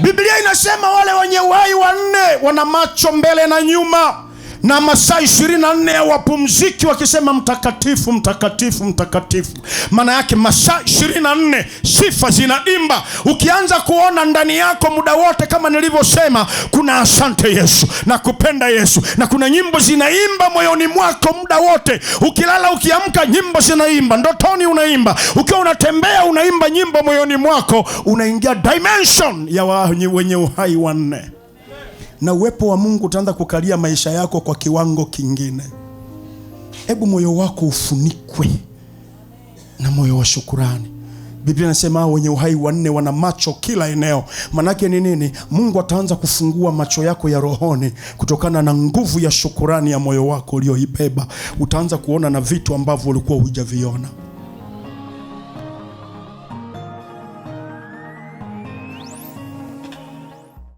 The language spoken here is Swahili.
Biblia inasema wale wenye uhai wanne wana macho mbele na nyuma na masaa ishirini na nne ya wapumziki wakisema mtakatifu, mtakatifu, mtakatifu. Maana yake masaa ishirini na nne sifa zinaimba. Ukianza kuona ndani yako muda wote, kama nilivyosema, kuna asante Yesu na kupenda Yesu, na kuna nyimbo zinaimba moyoni mwako muda wote. Ukilala, ukiamka, nyimbo zinaimba, ndotoni unaimba, ukiwa unatembea unaimba nyimbo moyoni mwako, unaingia dimension ya wenye uhai wanne na uwepo wa Mungu utaanza kukalia maisha yako kwa kiwango kingine. Hebu moyo wako ufunikwe na moyo wa shukurani. Biblia inasema hao wenye uhai wanne wana macho kila eneo. Manake ni nini? Mungu ataanza kufungua macho yako ya rohoni kutokana na nguvu ya shukurani ya moyo wako ulioibeba. Utaanza kuona na vitu ambavyo ulikuwa hujaviona.